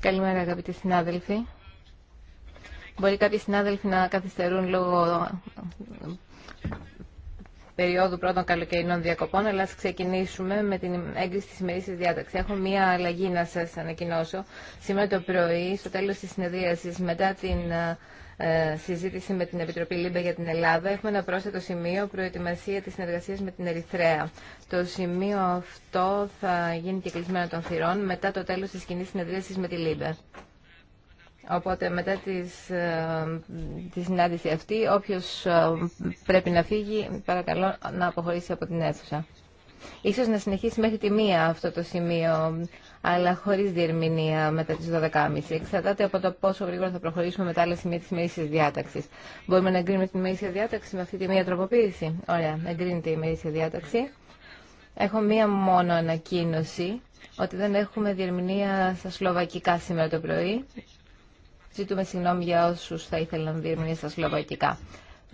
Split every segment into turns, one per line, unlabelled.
Καλημέρα αγαπητοί συνάδελφοι. Μπορεί κάποιοι συνάδελφοι να καθυστερούν λόγω περίοδου πρώτων καλοκαιρινών διακοπών, αλλά ας ξεκινήσουμε με την έγκριση της σημερινής διάταξη. Έχω μία αλλαγή να σας ανακοινώσω. Σήμερα το πρωί, στο τέλος της συνεδρίασης, μετά την ε, ε, συζήτηση με την Επιτροπή ΛΥΜΠΕ για την Ελλάδα, έχουμε ένα πρόσθετο σημείο προετοιμασία της συνεργασίας με την Ερυθρέα. Το σημείο αυτό θα γίνει και των θυρών μετά το τέλος της κοινή συνεδρίασης με τη ΛΥΜΠΕ. Οπότε μετά τις, ε, τη συνάντηση αυτή, όποιος ε, πρέπει να φύγει, παρακαλώ να αποχωρήσει από την αίθουσα. Ίσως να συνεχίσει μέχρι τη μία αυτό το σημείο, αλλά χωρίς διερμηνία μετά τις 12.30. Εξαρτάται από το πόσο γρήγορα θα προχωρήσουμε με τα άλλα σημεία της μερίσιας διάταξης. Μπορούμε να εγκρίνουμε την μερίσια διάταξη με αυτή τη μία τροποποίηση. Ωραία, εγκρίνεται η μερίσια διάταξη. Έχω μία μόνο ανακοίνωση ότι δεν έχουμε διερμηνία στα σλοβακικά σήμερα το πρωί Ζητούμε συγγνώμη για όσου θα ήθελαν διερμηνία στα σλοβακικά.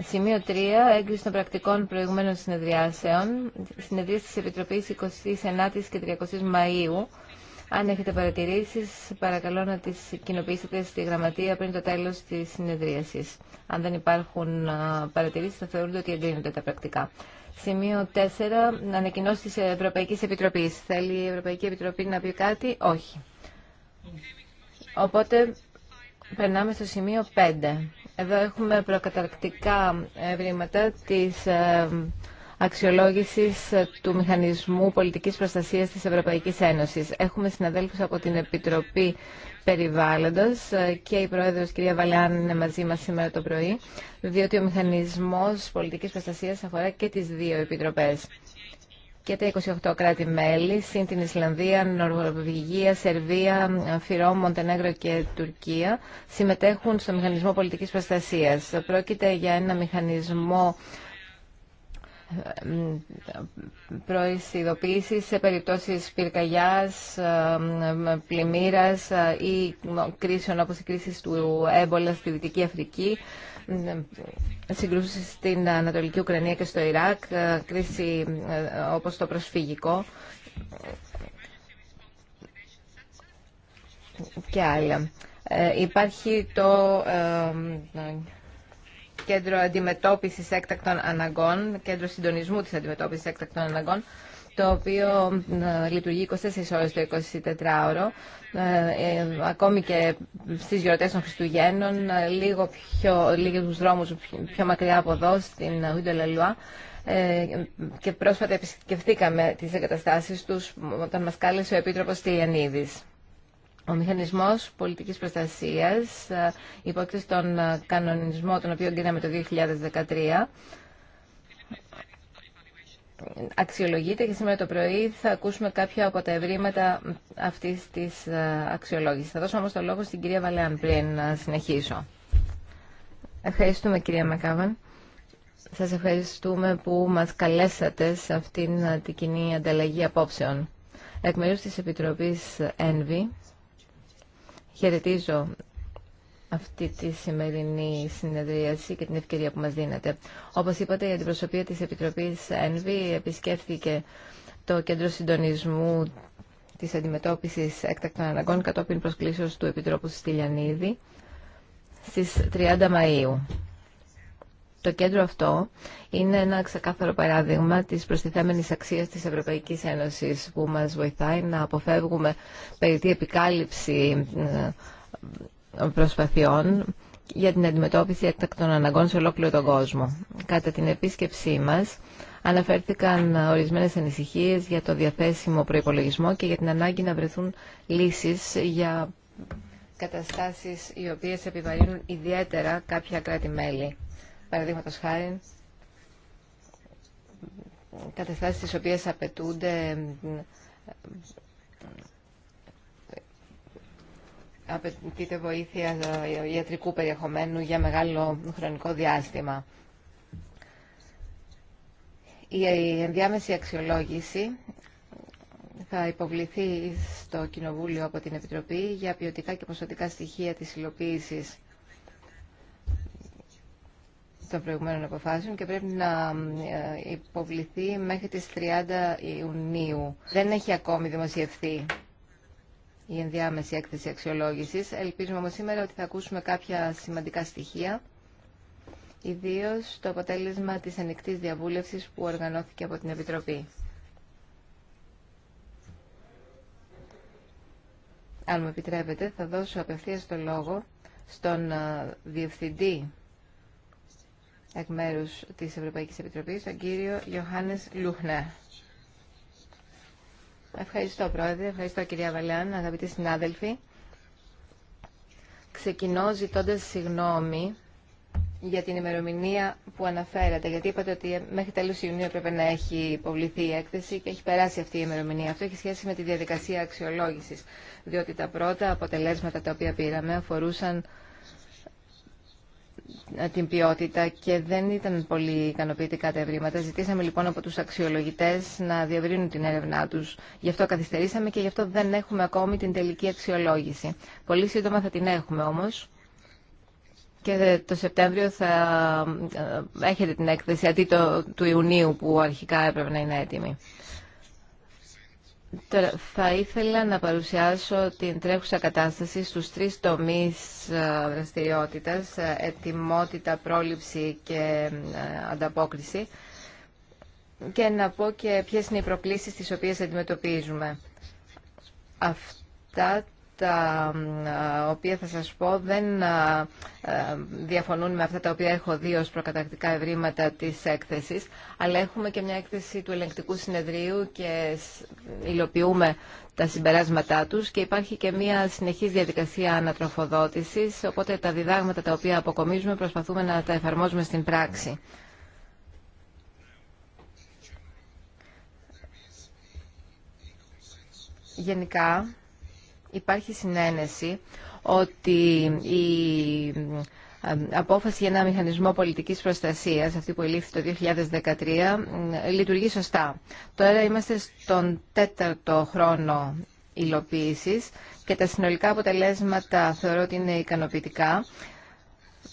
Σημείο 3. Έγκριση των πρακτικών προηγουμένων συνεδριάσεων. Συνεδρίες της Επιτροπής 29 και 30 Μαΐου. Αν έχετε παρατηρήσεις, παρακαλώ να τις κοινοποιήσετε στη γραμματεία πριν το τέλος της συνεδρίασης. Αν δεν υπάρχουν παρατηρήσεις, θα θεωρούνται ότι εγκρίνονται τα πρακτικά. Σημείο 4. Ανακοινώσει της Ευρωπαϊκής Επιτροπής. Θέλει η Ευρωπαϊκή Επιτροπή να πει κάτι? Όχι. Οπότε Περνάμε στο σημείο 5. Εδώ έχουμε προκαταρκτικά ευρήματα της ε, αξιολόγησης του Μηχανισμού Πολιτικής Προστασίας της Ευρωπαϊκής Ένωσης. Έχουμε συναδέλφους από την Επιτροπή Περιβάλλοντος ε, και η Πρόεδρος κυρία Βαλεάν είναι μαζί μας σήμερα το πρωί, διότι ο Μηχανισμός Πολιτικής Προστασίας αφορά και τις δύο επιτροπές και τα 28 κράτη-μέλη, συν την Ισλανδία, Νορβηγία, Σερβία, Φυρό, Μοντενέγρο και Τουρκία, συμμετέχουν στο Μηχανισμό Πολιτικής Προστασίας. Πρόκειται για ένα μηχανισμό ε, προειδοποίηση σε περιπτώσεις πυρκαγιάς, ε, πλημμύρας ε, ή κρίσεων όπως η κρίση του έμπολα στη Δυτική Αφρική ναι. Συγκρούσει στην Ανατολική Ουκρανία και στο Ιράκ, ε, κρίση ε, όπως το προσφυγικό και άλλα. Ε, υπάρχει το Κέντρο Αντιμετώπισης Έκτακτων Αναγκών, Κέντρο Συντονισμού της Αντιμετώπισης Έκτακτων Αναγκών, το οποίο ε, λειτουργεί 24 ώρες το 24ωρο, ε, ε, ακόμη και στις γιορτές των Χριστουγέννων, λίγο πιο, λίγους δρόμους πιο μακριά από εδώ, στην Λελουά, και πρόσφατα επισκεφτήκαμε τις εγκαταστάσεις τους όταν μας κάλεσε ο Επίτροπος Τηλιανίδης. Ο μηχανισμός πολιτικής προστασίας υπόκειται στον κανονισμό τον οποίο γίναμε το 2013 αξιολογείται και σήμερα το πρωί θα ακούσουμε κάποια από τα ευρήματα αυτής της ε, αξιολόγησης. Θα δώσω όμως το λόγο στην κυρία Βαλέαν πριν να συνεχίσω. Ευχαριστούμε κυρία Μακάβαν. Σας ευχαριστούμε που μας καλέσατε σε αυτήν την κοινή ανταλλαγή απόψεων. Εκ μέρους της Επιτροπής ΕΝΒΗ χαιρετίζω αυτή τη σημερινή συνεδρίαση και την ευκαιρία που μας δίνεται. Όπως είπατε, η αντιπροσωπεία της Επιτροπής ΕΝΒΗ επισκέφθηκε το Κέντρο Συντονισμού της Αντιμετώπισης Έκτακτων Αναγκών κατόπιν προσκλήσεως του Επιτρόπου Στυλιανίδη στις 30 Μαΐου. Το κέντρο αυτό είναι ένα ξεκάθαρο παράδειγμα της προστιθέμενης αξίας της Ευρωπαϊκής Ένωσης που μας βοηθάει να αποφεύγουμε περί επικάλυψη ε, προσπαθειών για την αντιμετώπιση έκτακτων αναγκών σε ολόκληρο τον κόσμο. Κατά την επίσκεψή μας αναφέρθηκαν ορισμένες ανησυχίε για το διαθέσιμο προπολογισμό και για την ανάγκη να βρεθούν λύσεις για καταστάσεις οι οποίες επιβαρύνουν ιδιαίτερα κάποια κράτη-μέλη. Παραδείγματο χάρη, καταστάσεις τις οποίε απαιτούνται απαιτείται βοήθεια ε, ιατρικού περιεχομένου για μεγάλο χρονικό διάστημα. Ε, η ενδιάμεση αξιολόγηση θα υποβληθεί στο Κοινοβούλιο από την Επιτροπή για ποιοτικά και ποσοτικά στοιχεία της υλοποίηση των προηγουμένων αποφάσεων και πρέπει να ε, υποβληθεί μέχρι τις 30 Ιουνίου. Δεν έχει ακόμη δημοσιευθεί η ενδιάμεση έκθεση αξιολόγησης. Ελπίζουμε όμως σήμερα ότι θα ακούσουμε κάποια σημαντικά στοιχεία, ιδίως το αποτέλεσμα της ανοιχτής διαβούλευσης που οργανώθηκε από την Επιτροπή. Αν μου επιτρέπετε, θα δώσω απευθείας το λόγο στον Διευθυντή εκ μέρους της Ευρωπαϊκής Επιτροπής, τον κύριο Ιωάννη Λούχνε. Ευχαριστώ, Πρόεδρε. Ευχαριστώ, κυρία Βαλεάν, αγαπητοί συνάδελφοι. Ξεκινώ ζητώντα συγγνώμη για την ημερομηνία που αναφέρατε, γιατί είπατε ότι μέχρι τέλος Ιουνίου έπρεπε να έχει υποβληθεί η έκθεση και έχει περάσει αυτή η ημερομηνία. Αυτό έχει σχέση με τη διαδικασία αξιολόγησης, διότι τα πρώτα αποτελέσματα τα οποία πήραμε αφορούσαν την ποιότητα και δεν ήταν πολύ ικανοποιητικά τα ευρήματα. Ζητήσαμε λοιπόν από τους αξιολογητές να διαβρύνουν την έρευνά τους. Γι' αυτό καθυστερήσαμε και γι' αυτό δεν έχουμε ακόμη την τελική αξιολόγηση. Πολύ σύντομα θα την έχουμε όμως. Και το Σεπτέμβριο θα ε, έχετε την έκθεση αντί το, του Ιουνίου που αρχικά έπρεπε να είναι έτοιμη θα ήθελα να παρουσιάσω την τρέχουσα κατάσταση στους τρεις τομείς ε, δραστηριότητα, ε, ετοιμότητα, πρόληψη και ε, ανταπόκριση και να πω και ποιες είναι οι προκλήσεις τις οποίες αντιμετωπίζουμε. Αυτά τα οποία θα σας πω δεν διαφωνούν με αυτά τα οποία έχω δει ως προκατακτικά ευρήματα της έκθεσης, αλλά έχουμε και μια έκθεση του ελεγκτικού συνεδρίου και υλοποιούμε τα συμπεράσματά τους και υπάρχει και μια συνεχής διαδικασία ανατροφοδότησης, οπότε τα διδάγματα τα οποία αποκομίζουμε προσπαθούμε να τα εφαρμόζουμε στην πράξη. Γενικά, υπάρχει συνένεση ότι η απόφαση για ένα μηχανισμό πολιτικής προστασίας, αυτή που ελήφθη το 2013, λειτουργεί σωστά. Τώρα είμαστε στον τέταρτο χρόνο υλοποίησης και τα συνολικά αποτελέσματα θεωρώ ότι είναι ικανοποιητικά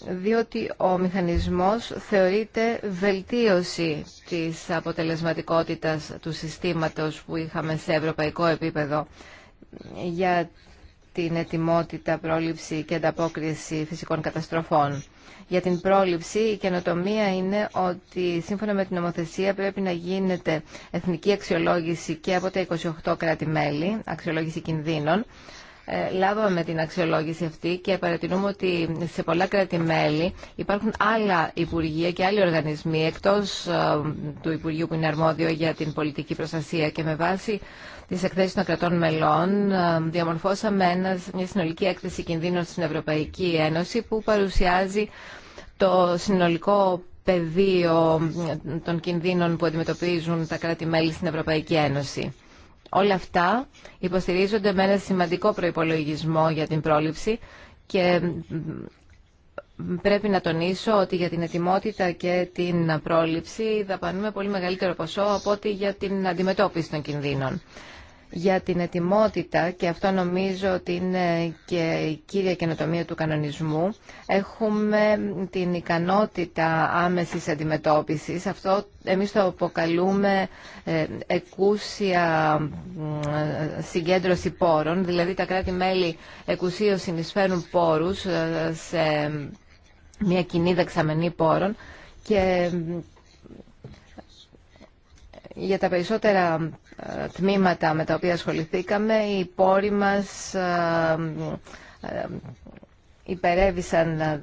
διότι ο μηχανισμός θεωρείται βελτίωση της αποτελεσματικότητας του συστήματος που είχαμε σε ευρωπαϊκό επίπεδο για την ετοιμότητα, πρόληψη και ανταπόκριση φυσικών καταστροφών. Για την πρόληψη, η καινοτομία είναι ότι σύμφωνα με την νομοθεσία πρέπει να γίνεται εθνική αξιολόγηση και από τα 28 κράτη-μέλη, αξιολόγηση κινδύνων, ε, λάβαμε την αξιολόγηση αυτή και παρατηρούμε ότι σε πολλά κράτη-μέλη υπάρχουν άλλα υπουργεία και άλλοι οργανισμοί εκτός ε, του Υπουργείου που είναι αρμόδιο για την πολιτική προστασία και με βάση τις εκθέσεις των κρατών μελών ε, διαμορφώσαμε μια συνολική έκθεση κινδύνων στην Ευρωπαϊκή Ένωση που παρουσιάζει το συνολικό πεδίο των κινδύνων που αντιμετωπίζουν τα κράτη-μέλη στην Ευρωπαϊκή Ένωση. Όλα αυτά υποστηρίζονται με ένα σημαντικό προϋπολογισμό για την πρόληψη και πρέπει να τονίσω ότι για την ετοιμότητα και την πρόληψη δαπανούμε πολύ μεγαλύτερο ποσό από ότι για την αντιμετώπιση των κινδύνων για την ετοιμότητα και αυτό νομίζω ότι είναι και η κύρια καινοτομία του κανονισμού έχουμε την ικανότητα άμεσης αντιμετώπισης αυτό εμείς το αποκαλούμε ε, εκούσια ε, συγκέντρωση πόρων δηλαδή τα κράτη-μέλη εκουσίως συνεισφέρουν πόρους ε, σε μια κοινή δεξαμενή πόρων και για τα περισσότερα τμήματα με τα οποία ασχοληθήκαμε, οι πόροι μας ε, ε, υπερέβησαν ε,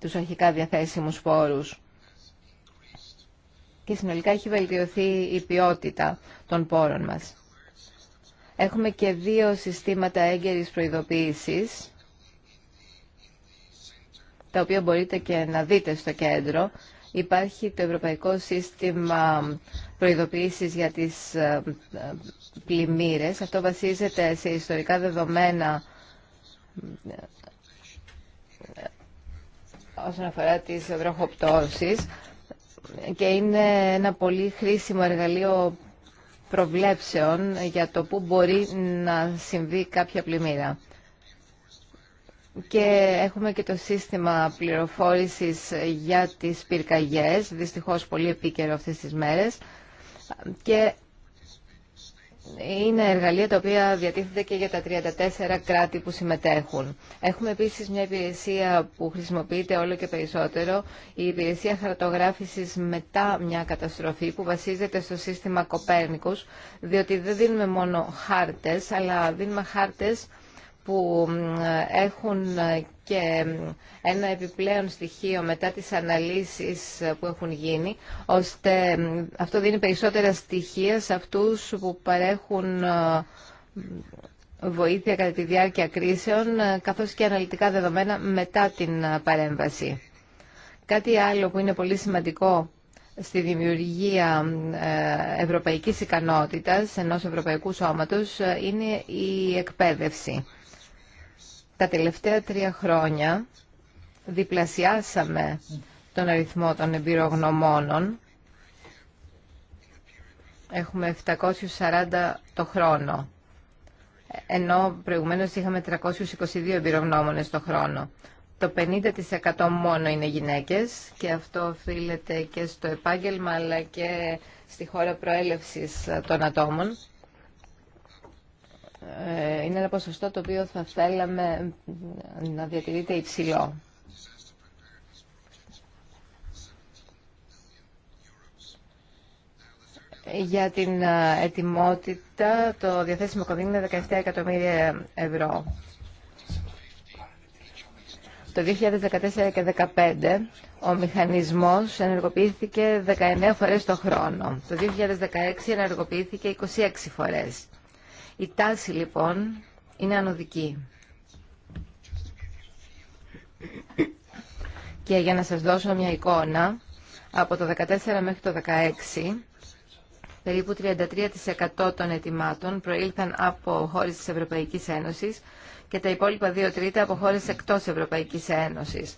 τους αρχικά διαθέσιμους πόρους. Και συνολικά έχει βελτιωθεί η ποιότητα των πόρων μας. Έχουμε και δύο συστήματα έγκαιρης προειδοποίησης, τα οποία μπορείτε και να δείτε στο κέντρο. Υπάρχει το Ευρωπαϊκό Σύστημα προειδοποιήσεις για τις ε, ε, πλημμύρες. Αυτό βασίζεται σε ιστορικά δεδομένα ε, όσον αφορά τις βροχοπτώσεις και είναι ένα πολύ χρήσιμο εργαλείο προβλέψεων για το πού μπορεί να συμβεί κάποια πλημμύρα. Και έχουμε και το σύστημα πληροφόρησης για τις πυρκαγιές, δυστυχώς πολύ επίκαιρο αυτές τις μέρες, και είναι εργαλεία τα οποία διατίθεται και για τα 34 κράτη που συμμετέχουν. Έχουμε επίσης μια υπηρεσία που χρησιμοποιείται όλο και περισσότερο, η υπηρεσία χαρτογράφησης μετά μια καταστροφή που βασίζεται στο σύστημα Κοπέρνικους, διότι δεν δίνουμε μόνο χάρτες, αλλά δίνουμε χάρτες που έχουν και ένα επιπλέον στοιχείο μετά τις αναλύσεις που έχουν γίνει, ώστε αυτό δίνει περισσότερα στοιχεία σε αυτούς που παρέχουν ε, βοήθεια κατά τη διάρκεια κρίσεων, ε, καθώς και αναλυτικά δεδομένα μετά την παρέμβαση. Κάτι άλλο που είναι πολύ σημαντικό στη δημιουργία ε, ευρωπαϊκής ικανότητας ενός ευρωπαϊκού σώματος είναι η εκπαίδευση. Τα τελευταία τρία χρόνια διπλασιάσαμε τον αριθμό των εμπειρογνωμόνων. Έχουμε 740 το χρόνο, ενώ προηγουμένως είχαμε 322 εμπειρογνώμονες το χρόνο. Το 50% μόνο είναι γυναίκες και αυτό οφείλεται και στο επάγγελμα αλλά και στη χώρα προέλευσης των ατόμων. Ε, είναι ένα ποσοστό το οποίο θα θέλαμε να διατηρείται υψηλό. Για την ε, ετοιμότητα το διαθέσιμο κονδύλι είναι 17 εκατομμύρια ευρώ. Το 2014 και 2015 ο μηχανισμός ενεργοποιήθηκε 19 φορές το χρόνο. Το 2016 ενεργοποιήθηκε 26 φορές. Η τάση λοιπόν είναι ανωδική. Και για να σας δώσω μια εικόνα, από το 2014 μέχρι το 2016, περίπου 33% των ετοιμάτων προήλθαν από χώρες της Ευρωπαϊκής Ένωσης και τα υπόλοιπα 2 τρίτα από χώρες εκτός Ευρωπαϊκής Ένωσης.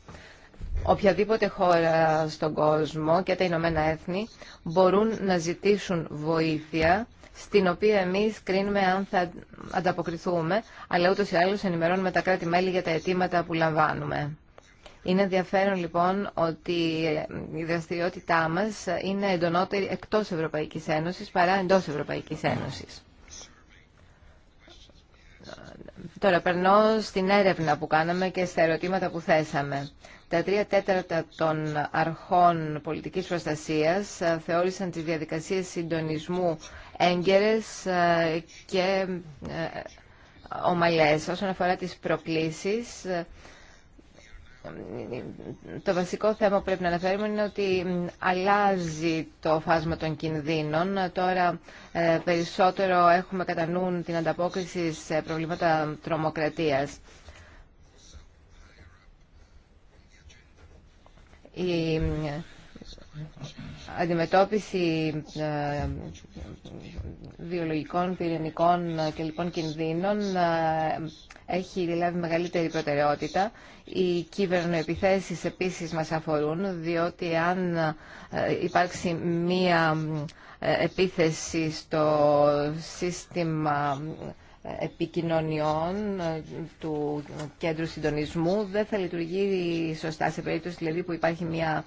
Οποιαδήποτε χώρα στον κόσμο και τα Ηνωμένα Έθνη μπορούν να ζητήσουν βοήθεια στην οποία εμείς κρίνουμε αν θα ανταποκριθούμε, αλλά ούτω ή άλλω ενημερώνουμε τα κράτη-μέλη για τα αιτήματα που λαμβάνουμε. Είναι ενδιαφέρον λοιπόν ότι η δραστηριότητά μας είναι εντονότερη εκτός Ευρωπαϊκής Ένωσης παρά εντός Ευρωπαϊκής Ένωσης. Τώρα περνώ στην έρευνα που κάναμε και στα ερωτήματα που θέσαμε. Τα τρία τέταρτα των αρχών πολιτικής προστασίας θεώρησαν τις διαδικασίες συντονισμού έγκαιρες ε, και ε, ομαλές. Όσον αφορά τις προκλήσεις, ε, το βασικό θέμα που πρέπει να αναφέρουμε είναι ότι αλλάζει το φάσμα των κινδύνων. Τώρα περισσότερο έχουμε κατά νου την ανταπόκριση σε προβλήματα τρομοκρατίας αντιμετώπιση ε, βιολογικών, πυρηνικών ε, και λοιπόν κινδύνων ε, έχει λάβει μεγαλύτερη προτεραιότητα. Οι κυβερνοεπιθέσεις επίσης μας αφορούν, διότι αν υπάρξει μία επίθεση στο σύστημα επικοινωνιών του κέντρου συντονισμού δεν θα λειτουργεί σωστά σε περίπτωση δηλαδή, που υπάρχει μια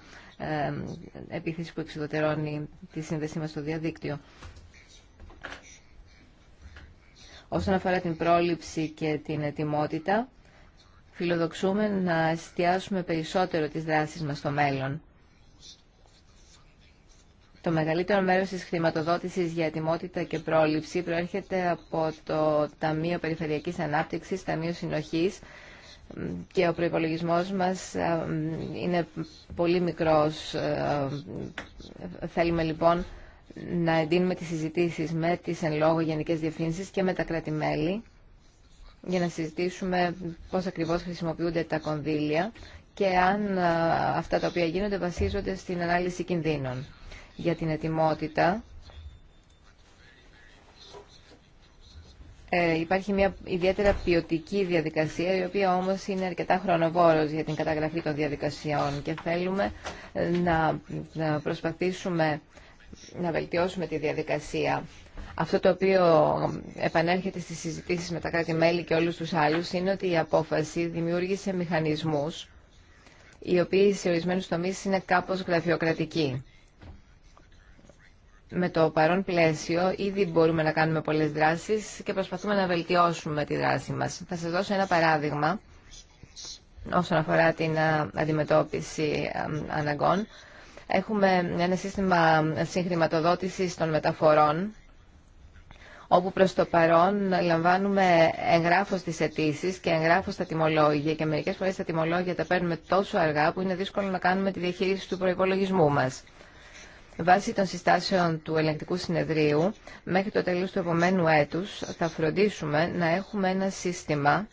επίθεση που εξουδετερώνει τη σύνδεσή μας στο διαδίκτυο. Όσον αφορά την πρόληψη και την ετοιμότητα, φιλοδοξούμε να εστιάσουμε περισσότερο τις δράσεις μας στο μέλλον. Το μεγαλύτερο μέρος της χρηματοδότησης για ετοιμότητα και πρόληψη προέρχεται από το Ταμείο Περιφερειακής Ανάπτυξης, Ταμείο Συνοχής και ο προϋπολογισμός μας ε, είναι πολύ μικρός. Ε, θέλουμε λοιπόν να εντείνουμε τις συζητήσεις με τις εν λόγω γενικές διευθύνσεις και με τα κράτη-μέλη για να συζητήσουμε πώς ακριβώς χρησιμοποιούνται τα κονδύλια και αν ε, αυτά τα οποία γίνονται βασίζονται στην ανάλυση κινδύνων. Για την ετοιμότητα Ε, υπάρχει μια ιδιαίτερα ποιοτική διαδικασία, η οποία όμως είναι αρκετά χρονοβόρος για την καταγραφή των διαδικασιών και θέλουμε ε, να, να προσπαθήσουμε να βελτιώσουμε τη διαδικασία. Αυτό το οποίο ε, επανέρχεται στις συζητήσεις με τα κράτη-μέλη και όλους τους άλλους είναι ότι η απόφαση δημιούργησε μηχανισμούς οι οποίοι σε ορισμένους τομείς είναι κάπως γραφειοκρατικοί με το παρόν πλαίσιο ήδη μπορούμε να κάνουμε πολλές δράσεις και προσπαθούμε να βελτιώσουμε τη δράση μας. Θα σας δώσω ένα παράδειγμα όσον αφορά την αντιμετώπιση αναγκών. Έχουμε ένα σύστημα συγχρηματοδότησης των μεταφορών όπου προς το παρόν λαμβάνουμε εγγράφος τις αιτήσει και εγγράφος τα τιμολόγια και μερικές φορές τα τιμολόγια τα παίρνουμε τόσο αργά που είναι δύσκολο να κάνουμε τη διαχείριση του προϋπολογισμού μας. Βάσει των συστάσεων του ελεγκτικού συνεδρίου, μέχρι το τέλος του επομένου έτους θα φροντίσουμε να έχουμε ένα σύστημα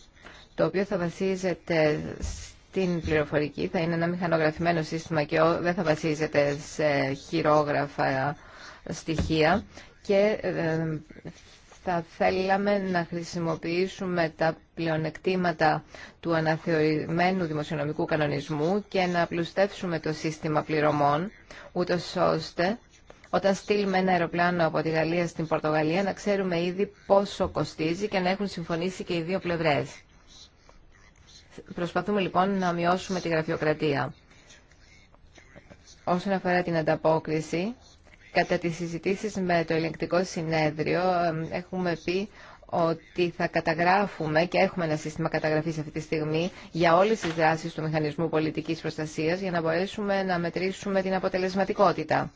το οποίο θα βασίζεται στην πληροφορική, θα είναι ένα μηχανογραφημένο σύστημα και δεν θα βασίζεται σε χειρόγραφα στοιχεία και ε, θα θέλαμε να χρησιμοποιήσουμε τα πλεονεκτήματα του αναθεωρημένου δημοσιονομικού κανονισμού και να απλουστεύσουμε το σύστημα πληρωμών, ούτω ώστε όταν στείλουμε ένα αεροπλάνο από τη Γαλλία στην Πορτογαλία να ξέρουμε ήδη πόσο κοστίζει και να έχουν συμφωνήσει και οι δύο πλευρές. Προσπαθούμε λοιπόν να μειώσουμε τη γραφειοκρατία. Όσον αφορά την ανταπόκριση, Κατά τις συζητήσεις με το ελεγκτικό συνέδριο έχουμε πει ότι θα καταγράφουμε και έχουμε ένα σύστημα καταγραφής αυτή τη στιγμή για όλες τις δράσεις του Μηχανισμού Πολιτικής Προστασίας για να μπορέσουμε να μετρήσουμε την αποτελεσματικότητα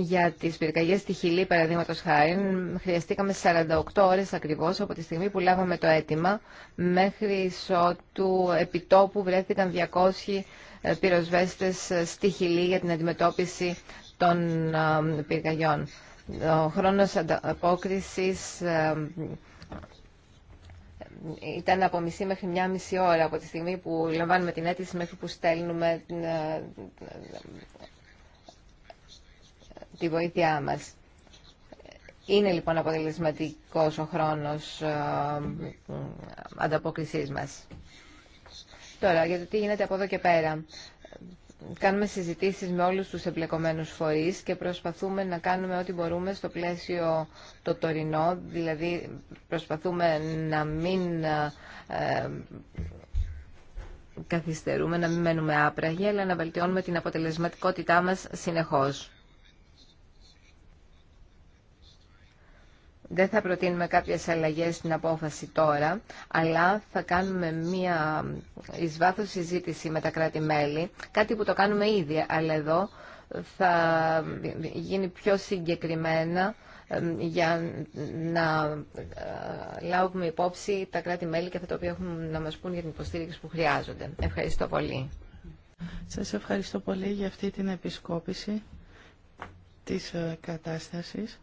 για τις πυρκαγιές στη Χιλή, παραδείγματο χάρη, χρειαστήκαμε 48 ώρες ακριβώς από τη στιγμή που λάβαμε το αίτημα μέχρι ότου επιτόπου βρέθηκαν 200 ε, πυροσβέστες ε, στη Χιλή για την αντιμετώπιση των ε, πυρκαγιών. Ο χρόνος απόκρισης ήταν από μισή μέχρι μια μισή ώρα από τη στιγμή που λαμβάνουμε την αίτηση μέχρι που στέλνουμε τη βοήθειά μας. Είναι λοιπόν αποτελεσματικός ο χρόνος ε, ανταπόκρισής μας. Τώρα, για το τι γίνεται από εδώ και πέρα. Κάνουμε συζητήσεις με όλους τους εμπλεκομένους φορείς και προσπαθούμε να κάνουμε ό,τι μπορούμε στο πλαίσιο το τωρινό, δηλαδή προσπαθούμε να μην ε, καθυστερούμε, να μην μένουμε άπραγοι, αλλά να βελτιώνουμε την αποτελεσματικότητά μας συνεχώς. Δεν θα προτείνουμε κάποιες αλλαγές στην απόφαση τώρα, αλλά θα κάνουμε μία εις βάθος συζήτηση με τα κράτη-μέλη, κάτι που το κάνουμε ήδη, αλλά εδώ θα γίνει πιο συγκεκριμένα για να ε, λάβουμε υπόψη τα κράτη-μέλη και αυτά τα οποία έχουν να μας πούν για την υποστήριξη που χρειάζονται.
Ευχαριστώ πολύ. Σας ευχαριστώ πολύ για αυτή την επισκόπηση της ε, κατάστασης.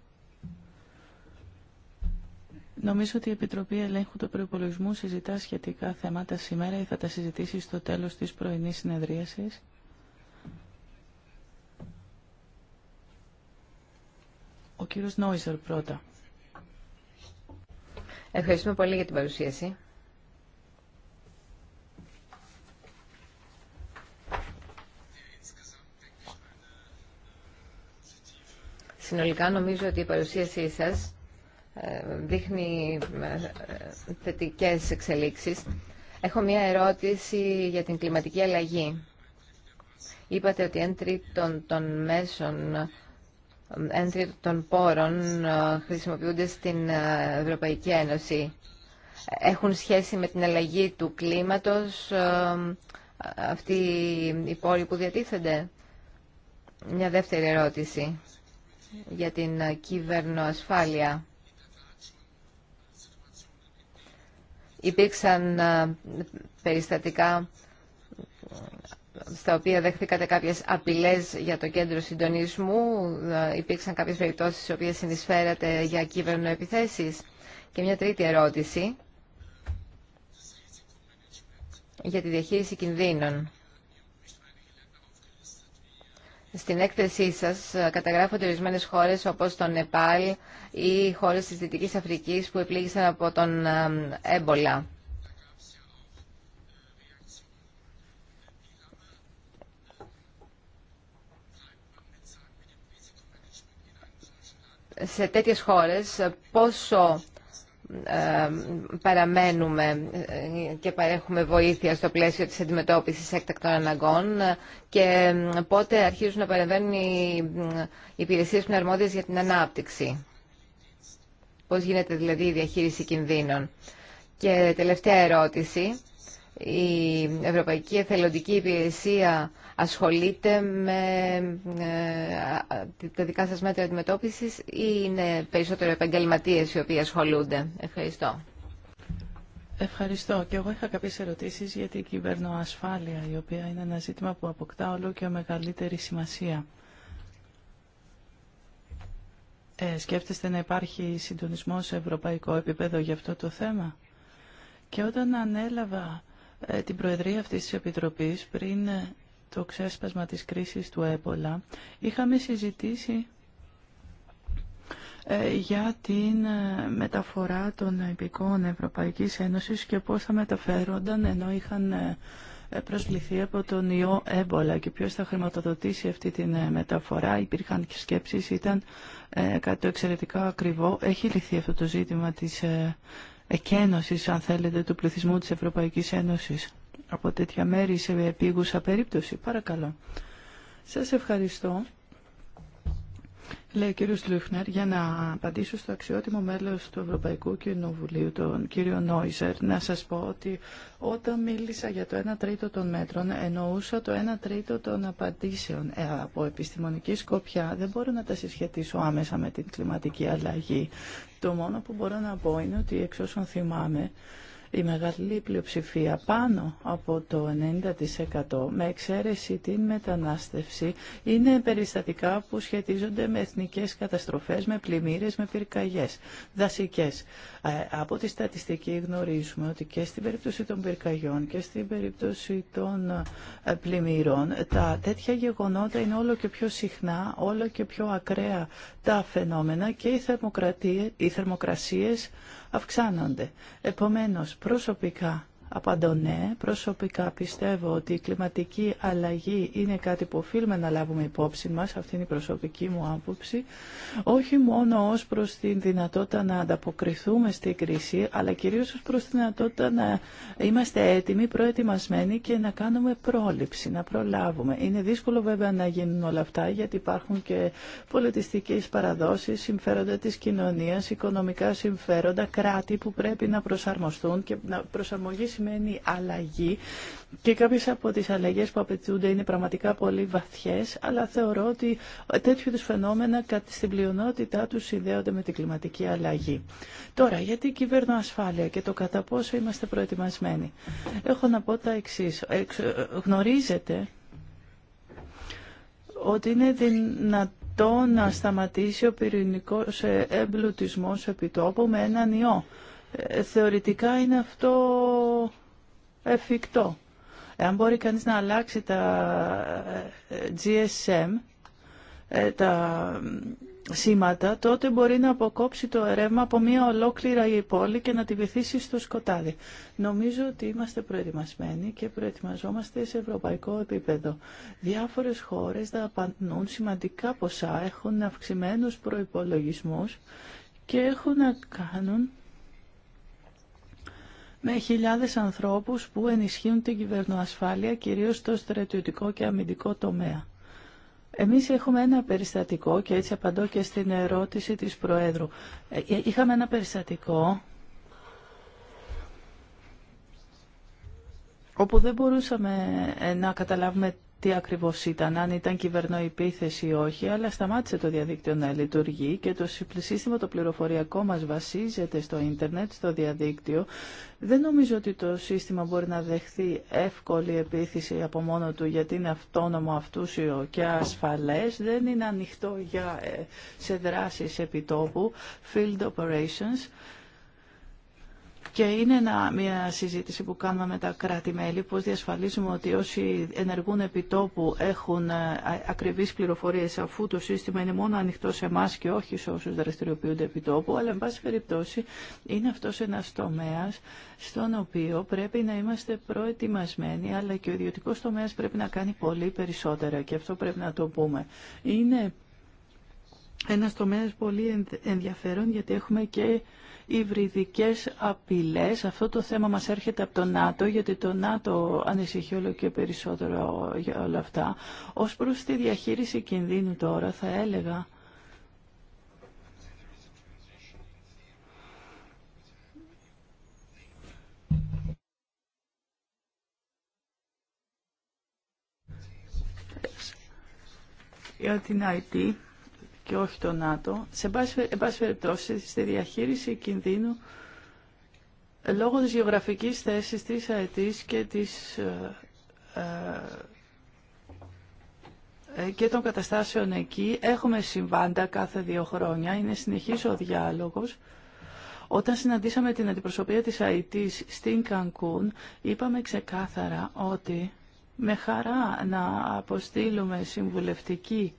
Νομίζω ότι η Επιτροπή Ελέγχου του Προπολογισμού συζητά σχετικά θέματα σήμερα ή θα τα συζητήσει στο τέλος της πρωινής συνεδρίασης. Ο κύριος Νόιζερ πρώτα.
Ευχαριστούμε πολύ για την παρουσίαση. Συνολικά νομίζω ότι η παρουσίασή σας δείχνει ε, θετικές εξελίξεις. Έχω μία ερώτηση για την κλιματική αλλαγή. Είπατε ότι εν των μέσων, εν των πόρων ε, χρησιμοποιούνται στην ε, Ευρωπαϊκή Ένωση. Έχουν σχέση με την αλλαγή του κλίματος αυτοί οι πόροι που διατίθενται. Μια δεύτερη ερώτηση για την κυβερνοασφάλεια. Υπήρξαν ε, περιστατικά στα οποία δέχθηκατε κάποιες απειλές για το κέντρο συντονισμού, ε, υπήρξαν κάποιες περιπτώσεις στις οποίες συνεισφέρατε για κύβερνο επιθέσεις. Και μια τρίτη ερώτηση για τη διαχείριση κινδύνων. Στην έκθεσή σας ε, καταγράφονται ορισμένε χώρες όπω το Νεπάλ ή χώρες της Δυτικής Αφρικής που επλήγησαν από τον ε, έμπολα. Σε τέτοιες χώρες πόσο ε, παραμένουμε ε, και παρέχουμε βοήθεια στο πλαίσιο της αντιμετώπισης έκτακτων αναγκών ε, και πότε αρχίζουν να παρεμβαίνουν οι υπηρεσίες που αρμόδιες για την ανάπτυξη. Πώς γίνεται δηλαδή η διαχείριση κινδύνων. Και τελευταία ερώτηση. Η Ευρωπαϊκή Εθελοντική Υπηρεσία ασχολείται με ε, τα δικά σας μέτρα αντιμετώπισης ή είναι περισσότερο επαγγελματίες οι οποίοι ασχολούνται.
Ευχαριστώ. Ευχαριστώ. Και εγώ είχα κάποιες ερωτήσεις για την κυβερνοασφάλεια, η οποία είναι ένα ζήτημα που αποκτά όλο και μεγαλύτερη σημασία. Ε, σκέφτεστε να υπάρχει συντονισμό σε ευρωπαϊκό επίπεδο για αυτό το θέμα. Και όταν ανέλαβα ε, την Προεδρία αυτής της Επιτροπής πριν ε, το ξέσπασμα της κρίσης του έμπολα, είχαμε συζητήσει ε, για την ε, μεταφορά των υπηκών Ευρωπαϊκής Ένωσης και πώς θα μεταφέρονταν ενώ είχαν ε, προσβληθεί από τον ιό έμπολα και ποιος θα χρηματοδοτήσει αυτή την μεταφορά. Υπήρχαν και σκέψεις, ήταν κάτι το εξαιρετικά ακριβό. Έχει λυθεί αυτό το ζήτημα της εκένωσης, αν θέλετε, του πληθυσμού της Ευρωπαϊκής Ένωσης από τέτοια μέρη σε επίγουσα περίπτωση. Παρακαλώ. Σας ευχαριστώ. Λέει ο κύριος Λούχνερ, για να απαντήσω στο αξιότιμο μέλος του Ευρωπαϊκού Κοινοβουλίου, τον κύριο Νόιζερ, να σας πω ότι όταν μίλησα για το 1 τρίτο των μέτρων, εννοούσα το 1 τρίτο των απαντήσεων. Ε, από επιστημονική σκοπιά δεν μπορώ να τα συσχετίσω άμεσα με την κλιματική αλλαγή. Το μόνο που μπορώ να πω είναι ότι εξ όσων θυμάμαι, η μεγάλη πλειοψηφία πάνω από το 90% με εξαίρεση την μετανάστευση είναι περιστατικά που σχετίζονται με εθνικές καταστροφές, με πλημμύρες, με πυρκαγιές, δασικές. Ε, από τη στατιστική γνωρίζουμε ότι και στην περίπτωση των πυρκαγιών και στην περίπτωση των ε, πλημμύρων τα τέτοια γεγονότα είναι όλο και πιο συχνά, όλο και πιο ακραία τα φαινόμενα και οι, οι θερμοκρασίες αυξάνονται. Επομένως, προσωπικά Απαντώ ναι. Προσωπικά πιστεύω ότι η κλιματική αλλαγή είναι κάτι που οφείλουμε να λάβουμε υπόψη μας, αυτή είναι η προσωπική μου άποψη, όχι μόνο ως προς τη δυνατότητα να ανταποκριθούμε στη κρίση, αλλά κυρίως ως προς τη δυνατότητα να είμαστε έτοιμοι, προετοιμασμένοι και να κάνουμε πρόληψη, να προλάβουμε. Είναι δύσκολο βέβαια να γίνουν όλα αυτά, γιατί υπάρχουν και πολιτιστικές παραδόσεις, συμφέροντα της κοινωνίας, οικονομικά συμφέροντα, κράτη που πρέπει να προσαρμοστούν και να προσαρμογή ορισμένη αλλαγή και κάποιες από τις αλλαγές που απαιτούνται είναι πραγματικά πολύ βαθιές, αλλά θεωρώ ότι τέτοιου τους φαινόμενα στην πλειονότητά τους συνδέονται με την κλιματική αλλαγή. Τώρα, γιατί η κυβερνοασφάλεια και το κατά πόσο είμαστε προετοιμασμένοι. Έχω να πω τα εξή. Γνωρίζετε ότι είναι δυνατό να σταματήσει ο πυρηνικός ε, εμπλουτισμός επιτόπου με έναν ιό. Ε, θεωρητικά είναι αυτό εφικτό. Εάν μπορεί κανείς να αλλάξει τα ε, ε, GSM, τα σήματα, τότε μπορεί να αποκόψει το ρεύμα από μια ολόκληρα η πόλη και να τη βυθίσει στο σκοτάδι. Νομίζω ότι είμαστε προετοιμασμένοι και προετοιμαζόμαστε σε ευρωπαϊκό επίπεδο. Διάφορες χώρες δαπανούν σημαντικά ποσά, έχουν αυξημένους προϋπολογισμούς και έχουν να κάνουν με χιλιάδες ανθρώπους που ενισχύουν την κυβερνοασφάλεια κυρίως στο στρατιωτικό και αμυντικό τομέα. Εμείς έχουμε ένα περιστατικό και έτσι απαντώ και στην ερώτηση της Προέδρου. Ε, ε, είχαμε ένα περιστατικό όπου δεν μπορούσαμε να καταλάβουμε τι ακριβώς ήταν, αν ήταν επίθεση ή όχι, αλλά σταμάτησε το διαδίκτυο να λειτουργεί και το σύστημα το πληροφοριακό μας βασίζεται στο ίντερνετ, στο διαδίκτυο. Δεν νομίζω ότι το σύστημα μπορεί να δεχθεί εύκολη επίθεση από μόνο του γιατί είναι αυτόνομο αυτούσιο και ασφαλές, δεν είναι ανοιχτό για, ε, σε δράσεις επιτόπου, field operations. Και είναι μια συζήτηση που κάνουμε με τα κράτη-μέλη, πώς διασφαλίζουμε ότι όσοι ενεργούν επί τόπου έχουν ε, ακριβείς πληροφορίες, αφού το σύστημα είναι μόνο ανοιχτό σε εμά και όχι σε όσους δραστηριοποιούνται επί τόπου αλλά εν πάση περιπτώσει είναι αυτός ένας τομέας στον οποίο πρέπει να είμαστε προετοιμασμένοι, αλλά και ο ιδιωτικό τομέας πρέπει να κάνει πολύ περισσότερα και αυτό πρέπει να το πούμε. Είναι ένας τομέας πολύ ενδιαφέρον γιατί έχουμε και υβριδικές απειλές. Αυτό το θέμα μας έρχεται από το ΝΑΤΟ, γιατί το ΝΑΤΟ ανησυχεί όλο και περισσότερο για όλα αυτά. Ως προς τη διαχείριση κινδύνου τώρα θα έλεγα για την και όχι το ΝΑΤΟ, σε πάση περιπτώσει στη διαχείριση κινδύνου ε, λόγω της γεωγραφικής θέσης της ΑΕΤΗΣ και, της, ε, ε, και των καταστάσεων εκεί. Έχουμε συμβάντα κάθε δύο χρόνια, είναι συνεχής ο διάλογος. Όταν συναντήσαμε την αντιπροσωπεία της ΑΕΤΗΣ στην Κανκούν, είπαμε ξεκάθαρα ότι με χαρά να αποστείλουμε συμβουλευτική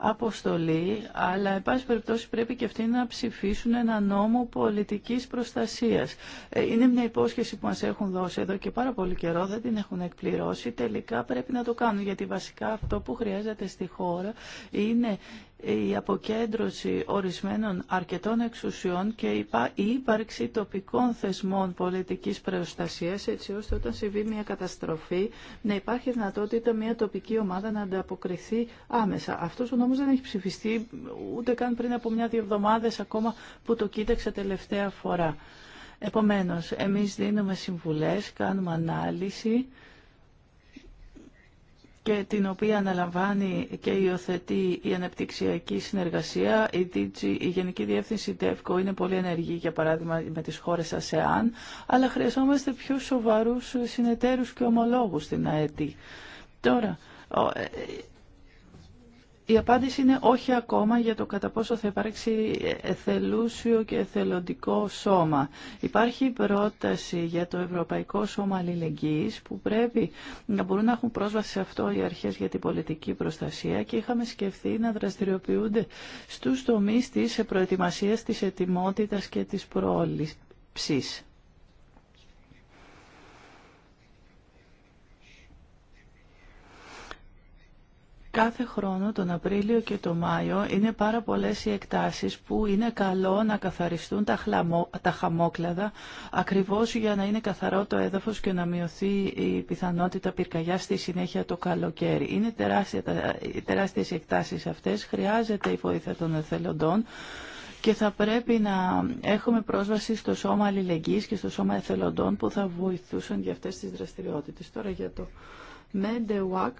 αποστολή, αλλά εν πάση περιπτώσει πρέπει και αυτοί να ψηφίσουν ένα νόμο πολιτικής προστασίας. Ε, είναι μια υπόσχεση που μας έχουν δώσει εδώ και πάρα πολύ καιρό, δεν την έχουν εκπληρώσει, τελικά πρέπει να το κάνουν, γιατί βασικά αυτό που χρειάζεται στη χώρα είναι η αποκέντρωση ορισμένων αρκετών εξουσιών και η ύπαρξη τοπικών θεσμών πολιτικής προστασίας έτσι ώστε όταν συμβεί μια καταστροφή να υπάρχει δυνατότητα μια τοπική ομάδα να ανταποκριθεί άμεσα. Αυτός ο νόμος δεν έχει ψηφιστεί ούτε καν πριν από μια-δύο εβδομάδες ακόμα που το κοίταξα τελευταία φορά. Επομένως, εμείς δίνουμε συμβουλές, κάνουμε ανάλυση και την οποία αναλαμβάνει και υιοθετεί η αναπτυξιακή συνεργασία. Η, DG, η Γενική Διεύθυνση ΤΕΦΚΟ είναι πολύ ενεργή, για παράδειγμα, με τις χώρες ΑΣΕΑΝ, αλλά χρειαζόμαστε πιο σοβαρούς συνεταίρους και ομολόγους στην ΑΕΤΗ. Τώρα, ε, η απάντηση είναι όχι ακόμα για το κατά πόσο θα υπάρξει εθελούσιο και εθελοντικό σώμα. Υπάρχει πρόταση για το Ευρωπαϊκό Σώμα Αλληλεγγύης που πρέπει να μπορούν να έχουν πρόσβαση σε αυτό οι αρχές για την πολιτική προστασία και είχαμε σκεφτεί να δραστηριοποιούνται στους τομείς της προετοιμασίας, της ετοιμότητας και της πρόληψης. Κάθε χρόνο, τον Απρίλιο και τον Μάιο, είναι πάρα πολλές οι εκτάσεις που είναι καλό να καθαριστούν τα, χλαμό, τα χαμόκλαδα, ακριβώς για να είναι καθαρό το έδαφος και να μειωθεί η πιθανότητα πυρκαγιά στη συνέχεια το καλοκαίρι. Είναι τεράστια, τεράστιες οι εκτάσεις αυτές, χρειάζεται η βοήθεια των εθελοντών και θα πρέπει να έχουμε πρόσβαση στο σώμα αλληλεγγύης και στο σώμα εθελοντών που θα βοηθούσαν για αυτές τις δραστηριότητες. Τώρα για το Μεντεουάκ,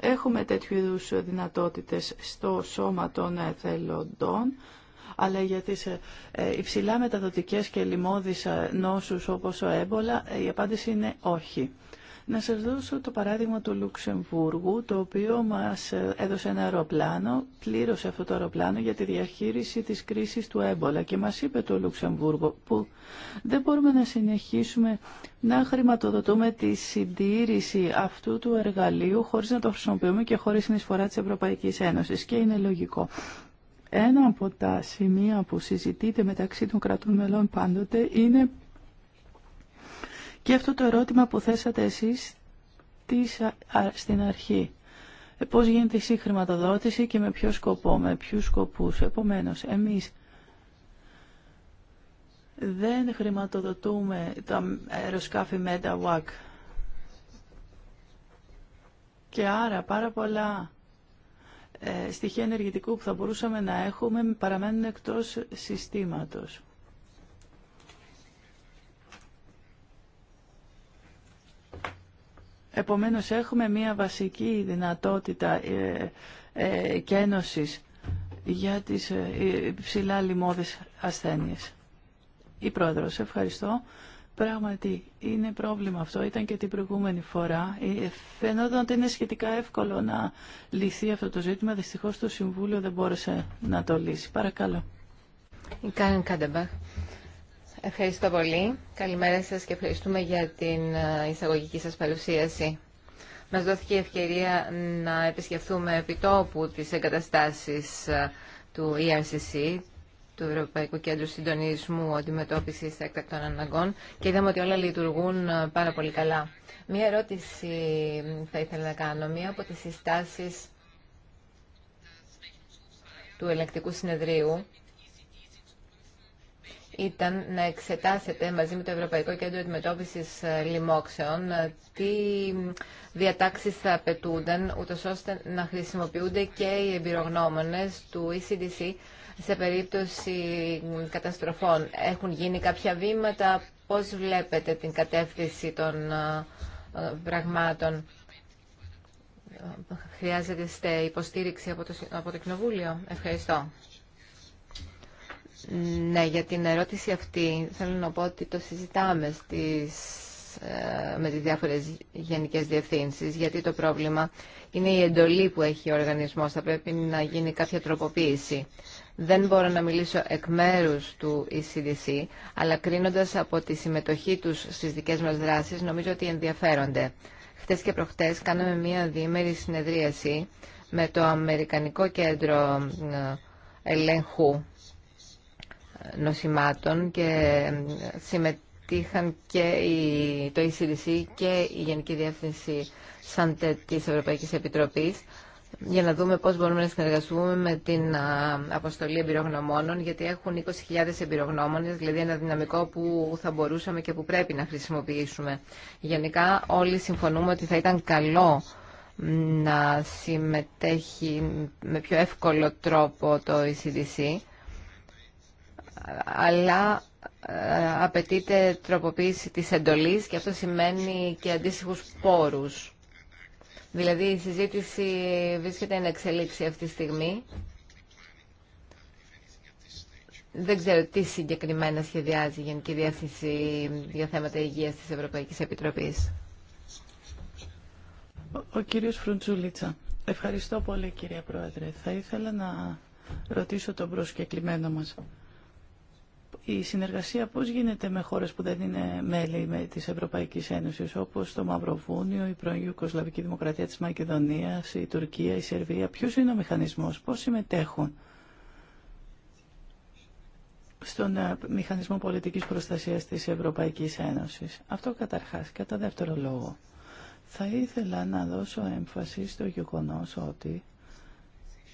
Έχουμε τέτοιου είδου δυνατότητες στο σώμα των εθελοντών, αλλά για τις ε, ε, υψηλά μεταδοτικές και λοιμώδεις ε, νόσους όπως ο έμπολα η απάντηση είναι όχι. Να σας δώσω το παράδειγμα του Λουξεμβούργου, το οποίο μας έδωσε ένα αεροπλάνο, πλήρωσε αυτό το αεροπλάνο για τη διαχείριση της κρίσης του έμπολα και μας είπε το Λουξεμβούργο που δεν μπορούμε να συνεχίσουμε να χρηματοδοτούμε τη συντήρηση αυτού του εργαλείου χωρίς να το χρησιμοποιούμε και χωρίς εισφορά της Ευρωπαϊκής Ένωσης και είναι λογικό. Ένα από τα σημεία που συζητείται μεταξύ των κρατών μελών πάντοτε είναι και αυτό το ερώτημα που θέσατε εσείς στην αρχή. Ε, πώς γίνεται η συγχρηματοδότηση και με ποιο σκοπό, με ποιους σκοπούς. Επομένως, εμείς δεν χρηματοδοτούμε τα αεροσκάφη MetaWAC. Και άρα πάρα πολλά ε, στοιχεία ενεργητικού που θα μπορούσαμε να έχουμε παραμένουν εκτός συστήματος. Επομένως έχουμε μία βασική δυνατότητα ε, ε, κένωσης για τις ε, ψηλά λοιμώδεις ασθένειες. Η Πρόεδρος, ευχαριστώ. Πράγματι, είναι πρόβλημα αυτό. Ήταν και την προηγούμενη φορά. Φαινόταν ότι είναι σχετικά εύκολο να λυθεί αυτό το ζήτημα. Δυστυχώ το Συμβούλιο δεν μπόρεσε να το λύσει. Παρακαλώ.
Κάνεν Ευχαριστώ πολύ. Καλημέρα σας και ευχαριστούμε για την ε, εισαγωγική σας παρουσίαση. Μας δόθηκε η ευκαιρία να επισκεφθούμε επιτόπου τις εγκαταστάσεις ε, του ERCC, του Ευρωπαϊκού Κέντρου Συντονισμού Αντιμετώπισης Έκτακτων Αναγκών και είδαμε ότι όλα λειτουργούν ε, πάρα πολύ καλά. Μία ερώτηση θα ήθελα να κάνω. Μία από τις συστάσεις του ελεκτικού συνεδρίου ήταν να εξετάσετε μαζί με το Ευρωπαϊκό Κέντρο Αντιμετώπισης ε, Λοιμόξεων ε, τι διατάξεις θα απαιτούνταν, ούτως ώστε να χρησιμοποιούνται και οι εμπειρογνώμονες του ECDC σε περίπτωση καταστροφών. Έχουν γίνει κάποια βήματα, πώς βλέπετε την κατεύθυνση των ε, πραγμάτων. Χρειάζεται υποστήριξη από το, από το Κοινοβούλιο. Ευχαριστώ. Ναι, για την ερώτηση αυτή θέλω να πω ότι το συζητάμε στις, ε, με τις διάφορες γενικές διευθύνσεις, γιατί το πρόβλημα είναι η εντολή που έχει ο οργανισμός. Θα πρέπει να γίνει κάποια τροποποίηση. Δεν μπορώ να μιλήσω εκ μέρου του ECDC, αλλά κρίνοντας από τη συμμετοχή τους στις δικές μας δράσεις, νομίζω ότι ενδιαφέρονται. Χτες και προχτές κάναμε μία διήμερη συνεδρίαση με το Αμερικανικό Κέντρο ε, Ελέγχου νοσημάτων και συμμετείχαν και το ECDC και η Γενική Διεύθυνση ΣΑΝΤΕ της Ευρωπαϊκής Επιτροπής για να δούμε πώς μπορούμε να συνεργαστούμε με την αποστολή εμπειρογνωμόνων, γιατί έχουν 20.000 εμπειρογνώμονες, δηλαδή ένα δυναμικό που θα μπορούσαμε και που πρέπει να χρησιμοποιήσουμε. Γενικά όλοι συμφωνούμε ότι θα ήταν καλό να συμμετέχει με πιο εύκολο τρόπο το ECDC αλλά ε, απαιτείται τροποποίηση της εντολής και αυτό σημαίνει και αντίστοιχους πόρους. Δηλαδή η συζήτηση βρίσκεται εν εξελίξη αυτή τη στιγμή. Δεν ξέρω τι συγκεκριμένα σχεδιάζει η Γενική Διεύθυνση για θέματα υγείας της
Ευρωπαϊκής Επιτροπής. Ο κύριος Φρουντζουλίτσα. Ευχαριστώ πολύ κύριε Πρόεδρε. Θα ήθελα να ρωτήσω τον προσκεκλημένο μας η συνεργασία πώς γίνεται με χώρες που δεν είναι μέλη με της Ευρωπαϊκής Ένωσης, όπως το Μαυροβούνιο, η πρώην Ιουκοσλαβική Δημοκρατία της Μακεδονίας, η Τουρκία, η Σερβία. Ποιος είναι ο μηχανισμός, πώς συμμετέχουν στον ε, μηχανισμό πολιτικής προστασίας της Ευρωπαϊκής Ένωσης. Αυτό καταρχάς. Κατά δεύτερο λόγο, θα ήθελα να δώσω έμφαση στο γεγονός ότι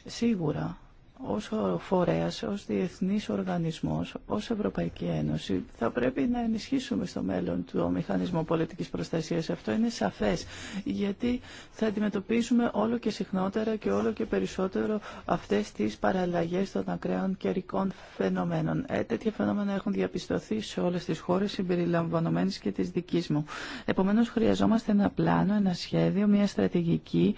σίγουρα ως φορέας, ως διεθνής οργανισμός, ως Ευρωπαϊκή Ένωση θα πρέπει να ενισχύσουμε στο μέλλον το μηχανισμό πολιτικής προστασίας. Αυτό είναι σαφές, γιατί θα αντιμετωπίσουμε όλο και συχνότερα και όλο και περισσότερο αυτές τις παραλλαγές των ακραίων καιρικών φαινομένων. Ε, τέτοια φαινόμενα έχουν διαπιστωθεί σε όλες τις χώρες συμπεριλαμβανομένης και της δικής μου. Επομένως χρειαζόμαστε ένα πλάνο, ένα σχέδιο, μια στρατηγική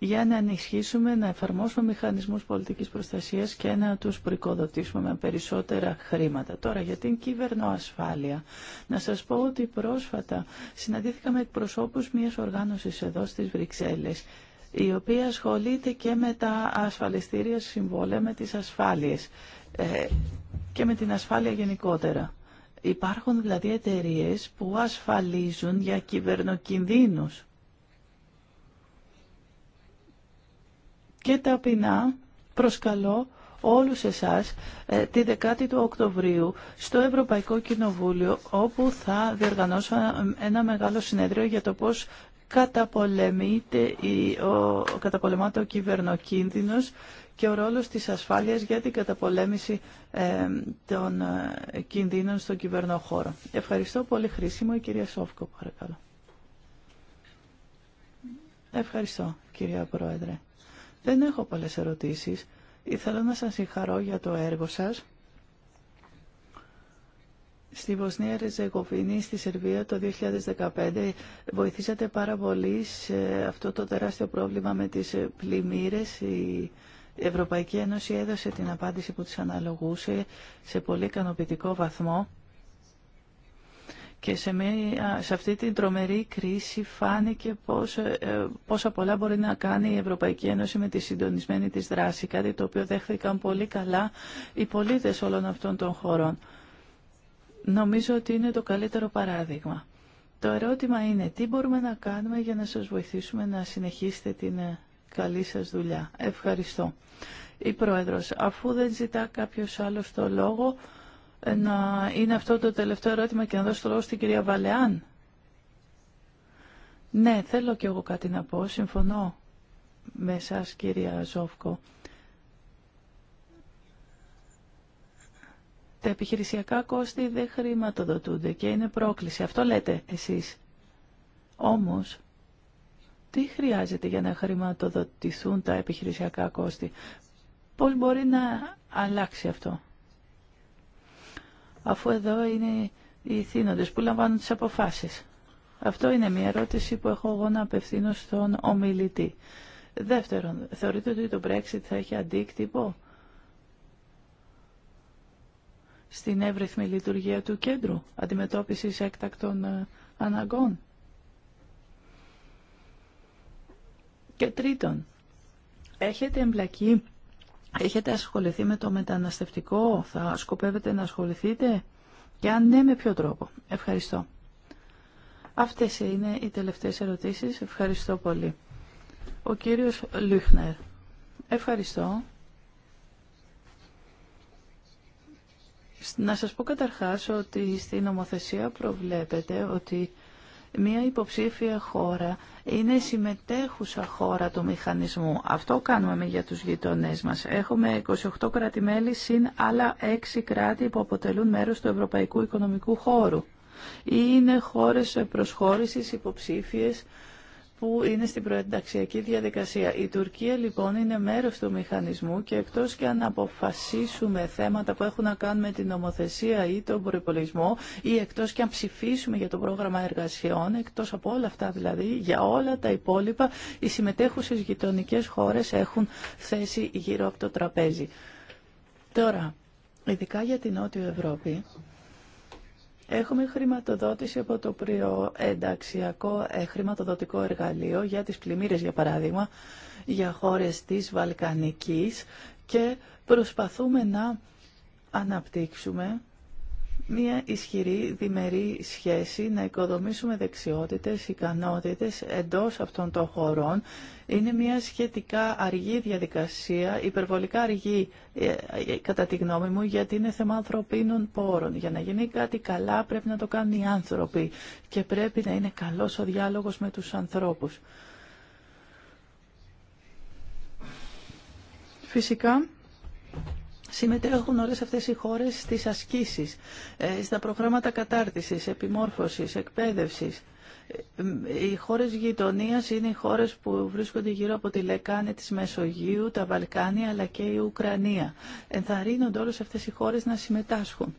για να ενισχύσουμε, να εφαρμόσουμε μηχανισμούς πολιτικής προστασίας και να τους προϊκοδοτήσουμε με περισσότερα χρήματα. Τώρα για την κυβερνοασφάλεια. Να σας πω ότι πρόσφατα συναντήθηκα με μιας οργάνωσης εδώ στις Βρυξέλλες η οποία ασχολείται και με τα ασφαλιστήρια συμβόλαια, με τις ασφάλειες ε, και με την ασφάλεια γενικότερα. Υπάρχουν δηλαδή εταιρείε που ασφαλίζουν για κυβερνοκινδύνους και ταπεινά προσκαλώ όλους εσάς ε, τη 10η του Οκτωβρίου στο Ευρωπαϊκό Κοινοβούλιο όπου θα διοργανώσω ένα μεγάλο συνέδριο για το πώς καταπολεμείται ο, καταπολεμάται ο κυβερνοκίνδυνος και ο ρόλος της ασφάλειας για την καταπολέμηση ε, των ε, κινδύνων στον κυβερνοχώρο. Ευχαριστώ πολύ χρήσιμο η κυρία Σόφκο παρακαλώ. Ευχαριστώ κυρία Πρόεδρε. Δεν έχω πολλές ερωτήσεις. Ήθελα να σας συγχαρώ για το έργο σας. Στη Βοσνία Ρεζεγοβίνη, στη Σερβία το 2015 βοηθήσατε πάρα πολύ σε αυτό το τεράστιο πρόβλημα με τις πλημμύρες. Η Ευρωπαϊκή Ένωση έδωσε την απάντηση που της αναλογούσε σε πολύ ικανοποιητικό βαθμό. Και σε, αυτή την τρομερή κρίση φάνηκε πώς, ε, ε, πόσα πολλά μπορεί να κάνει η Ευρωπαϊκή Ένωση με τη συντονισμένη της δράση, κάτι το οποίο δέχθηκαν πολύ καλά οι πολίτες όλων αυτών των χωρών. Νομίζω ότι είναι το καλύτερο παράδειγμα. Το ερώτημα είναι τι μπορούμε να κάνουμε για να σας βοηθήσουμε να συνεχίσετε την ε, καλή σας δουλειά. Ευχαριστώ. Η Πρόεδρος, αφού δεν ζητά κάποιος άλλος το λόγο, ε, να είναι αυτό το τελευταίο ερώτημα και να δώσω το λόγο στην κυρία Βαλεάν. Ναι, θέλω κι εγώ κάτι να πω. Συμφωνώ με σας κυρία Ζόφκο. Τα επιχειρησιακά κόστη δεν χρηματοδοτούνται και είναι πρόκληση. Αυτό λέτε εσείς. Όμως, τι χρειάζεται για να χρηματοδοτηθούν τα επιχειρησιακά κόστη. Πώς μπορεί να αλλάξει αυτό αφού εδώ είναι οι θύνοντες που λαμβάνουν τις αποφάσεις. Αυτό είναι μια ερώτηση που έχω εγώ να απευθύνω στον ομιλητή. Δεύτερον, θεωρείτε ότι το Brexit θα έχει αντίκτυπο στην εύρυθμη λειτουργία του κέντρου αντιμετώπισης έκτακτων ε, αναγκών. Και τρίτον, έχετε εμπλακεί Έχετε ασχοληθεί με το μεταναστευτικό, θα σκοπεύετε να ασχοληθείτε και αν ναι με ποιο τρόπο. Ευχαριστώ. Αυτές είναι οι τελευταίες ερωτήσεις. Ευχαριστώ πολύ. Ο κύριος Λούχνερ. Ευχαριστώ. Να σας πω καταρχάς ότι στην νομοθεσία προβλέπετε ότι μια υποψήφια χώρα είναι συμμετέχουσα χώρα του μηχανισμού. Αυτό κάνουμε για τους γειτονές μας. Έχουμε 28 κράτη-μέλη συν άλλα 6 κράτη που αποτελούν μέρος του Ευρωπαϊκού Οικονομικού Χώρου. Ή είναι χώρες προσχώρησης υποψήφιες που είναι στην προενταξιακή διαδικασία. Η Τουρκία λοιπόν είναι μέρος του μηχανισμού και εκτός και αν αποφασίσουμε θέματα που έχουν να κάνουν με την νομοθεσία ή τον προπολογισμό ή εκτός και αν ψηφίσουμε για το πρόγραμμα εργασιών, εκτός από όλα αυτά δηλαδή, για όλα τα υπόλοιπα, οι συμμετέχουσες γειτονικές χώρες έχουν θέση γύρω από το τραπέζι. Τώρα, ειδικά για την Νότιο Ευρώπη, Έχουμε χρηματοδότηση από το προενταξιακό ε, χρηματοδοτικό εργαλείο για τις πλημμύρες, για παράδειγμα, για χώρες της Βαλκανικής και προσπαθούμε να αναπτύξουμε μια ισχυρή διμερή σχέση, να οικοδομήσουμε δεξιότητες, ικανότητες εντός αυτών των χωρών. Είναι μια σχετικά αργή διαδικασία, υπερβολικά αργή ε, ε, κατά τη γνώμη μου, γιατί είναι θέμα ανθρωπίνων πόρων. Για να γίνει κάτι καλά πρέπει να το κάνουν οι άνθρωποι και πρέπει να είναι καλός ο διάλογος με τους ανθρώπους. Φυσικά, Συμμετέχουν όλες αυτές οι χώρες στις ασκήσεις, ε, στα προγράμματα κατάρτισης, επιμόρφωσης, εκπαίδευσης. Ε, οι χώρες γειτονίας είναι οι χώρες που βρίσκονται γύρω από τη λεκάνη της Μεσογείου, τα Βαλκάνια αλλά και η Ουκρανία. Ενθαρρύνονται όλες αυτές οι χώρες να συμμετάσχουν.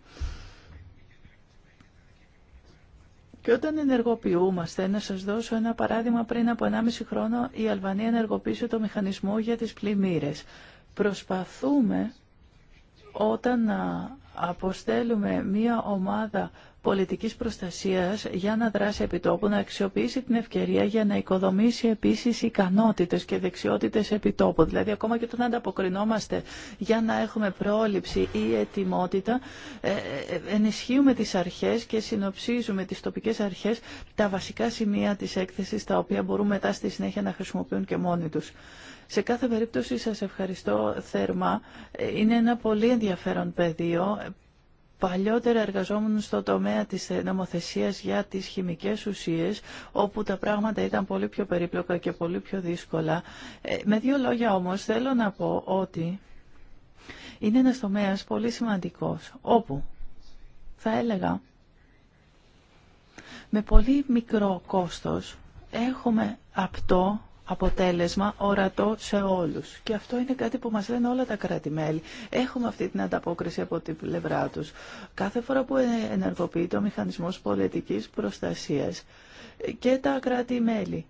Και όταν ενεργοποιούμαστε, να σας δώσω ένα παράδειγμα, πριν από 1,5 χρόνο η Αλβανία ενεργοποίησε το μηχανισμό για τις πλημμύρες. Προσπαθούμε όταν αποστέλουμε μία ομάδα πολιτικής προστασίας για να δράσει επιτόπου, να αξιοποιήσει την ευκαιρία για να οικοδομήσει επίσης ικανότητες και δεξιότητες επιτόπου. Δηλαδή ακόμα και όταν ανταποκρινόμαστε για να έχουμε πρόληψη ή ετοιμότητα, ε, ε, ενισχύουμε τις αρχές και συνοψίζουμε τις τοπικές αρχές τα βασικά σημεία της έκθεσης τα οποία μπορούν μετά στη συνέχεια να χρησιμοποιούν και μόνοι τους. Σε κάθε περίπτωση σας ευχαριστώ θερμά. Είναι ένα πολύ ενδιαφέρον πεδίο. Παλιότερα εργαζόμουν στο τομέα της νομοθεσίας για τις χημικές ουσίες, όπου τα πράγματα ήταν πολύ πιο περίπλοκα και πολύ πιο δύσκολα. Ε, με δύο λόγια όμως θέλω να πω ότι είναι ένας τομέας πολύ σημαντικός, όπου θα έλεγα με πολύ μικρό κόστος έχουμε απτό αποτέλεσμα ορατό σε όλους. Και αυτό είναι κάτι που μας λένε όλα τα κράτη-μέλη. Έχουμε αυτή την ανταπόκριση από την πλευρά τους. Κάθε φορά που ε, ενεργοποιείται ο μηχανισμός πολιτικής προστασίας και τα κράτη-μέλη